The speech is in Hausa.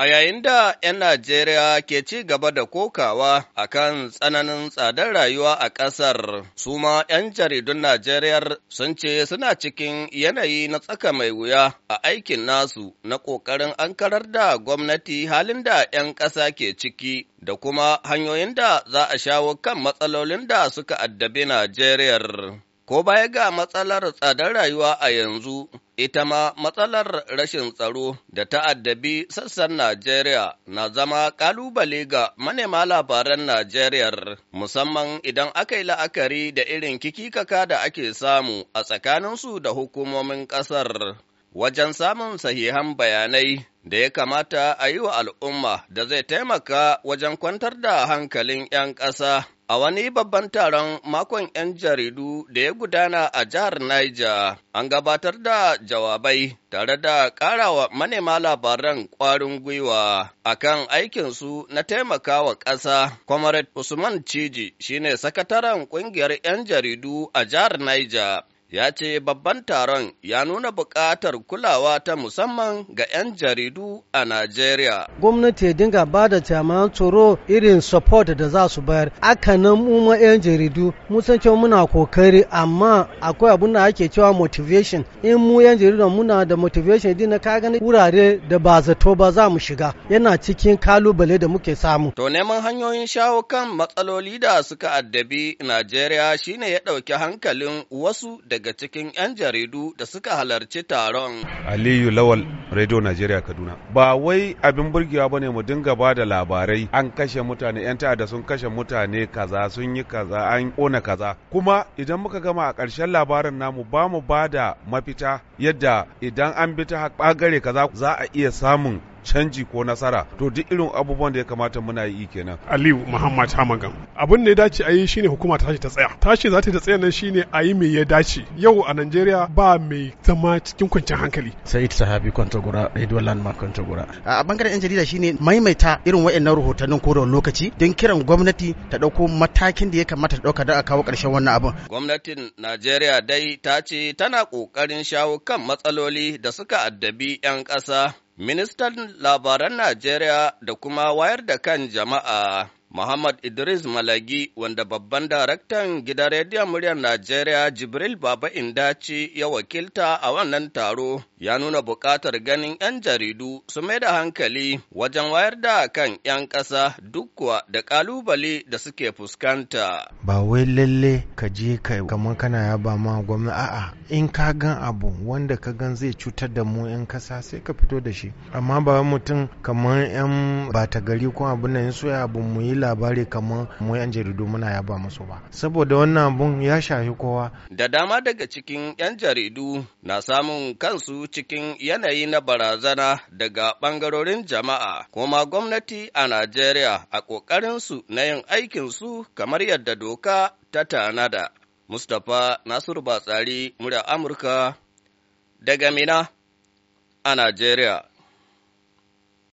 A yayin da ‘yan Najeriya ke ci gaba da kokawa a kan tsananin tsadar rayuwa a ƙasar, su ma ‘yan jaridun Najeriya sun ce suna cikin yanayi na tsaka mai wuya a aikin nasu na ƙoƙarin ankarar da gwamnati halin da ‘yan ƙasa ke ciki da kuma hanyoyin da za a shawo kan matsalolin da suka addabi Najeriya. Ko baya ga matsalar tsadar rayuwa a yanzu, ita ma matsalar rashin tsaro da ta'addabi sassan Najeriya na zama ƙalubale ga manema labaran Najeriya, musamman idan aka yi la'akari da irin kikikaka da ake samu a tsakaninsu da hukumomin ƙasar. wajen samun sahihan bayanai da ya kamata a yi wa al'umma da zai taimaka wajen kwantar da hankalin ‘yan ƙasa. A wani babban taron makon ‘yan jaridu da ya gudana a jihar Niger, an gabatar da jawabai tare da ƙarawa manema labaran ƙwarin gwiwa a kan aikinsu na taimakawa ƙasa. Comrade Usman Ciji shine sakataren ƙungiyar ‘yan jaridu a jihar Niger. ya ce babban taron ya nuna buƙatar kulawa ta musamman ga 'yan jaridu a Najeriya. Gwamnati ya dinga ba da jami'an tsoro irin support da za su bayar. Aka nan mu 'yan jaridu mu san cewa muna kokari amma akwai abin da ake cewa motivation. In mu 'yan jaridu muna da motivation din ka gani wurare da ba zato ba za mu shiga. Yana cikin kalubale da muke samu. To neman hanyoyin shawo kan matsaloli da suka addabi Najeriya shine ya ɗauki hankalin wasu da daga cikin 'yan jaridu da suka halarci taron. Aliyu Lawal, Radio Najeriya Kaduna. Ba wai abin burgewa ba ne mu dinga ba da labarai an kashe mutane 'yan ta'adda sun kashe mutane kaza sun yi kaza an ƙona kaza. Kuma idan muka gama a ƙarshen labarin namu ba mu ba da mafita yadda idan an bi ta ɓagare kaza za a iya samun canji ko nasara to duk irin abubuwan da ya kamata muna yi kenan aliyu muhammad hamagan abin da ya dace a yi shine hukuma ta tashi ta tsaya tashi za ta tsaya nan shine a yi mai ya dace yau a najeriya ba mai zama cikin kwanciyar hankali ita sahabi kwantagura radio landmark gura a bangaren yan jarida shine maimaita irin waɗannan rahotannin ko da lokaci don kiran gwamnati ta ɗauko matakin da ya kamata ta ɗauka don a kawo ƙarshen wannan abin gwamnatin najeriya dai ta ce tana ƙoƙarin shawo kan matsaloli da suka addabi 'yan ƙasa Ministan labaran Najeriya da kuma wayar da kan jama'a Muhammad Idris Malagi wanda babban daraktan gidan rediyon muryar Najeriya Jibril Baba Indaci ya wakilta a wannan taro ya nuna bukatar ganin 'yan jaridu su mai da hankali wajen wayar da kan 'yan ƙasa duk kuwa da ƙalubale da suke fuskanta. Ba wai lalle ka je ka kamar kana ba ma gwamna. a'a in ka gan abu wanda ka gan zai cutar da mu 'yan ƙasa sai ka fito da shi amma ba mutum kamar 'yan gari ko abin nan so abu mu yi labari kamar mu yan jaridu muna yaba musu ba saboda wannan abun ya shafi kowa da dama daga cikin yan jaridu na samun kansu cikin yanayi na barazana daga bangarorin jama'a kuma gwamnati a Najeriya a kokarin su na yin aikin su kamar yadda doka ta tanada Mustapha Nasiru Batsari murya Amurka daga Mina a Najeriya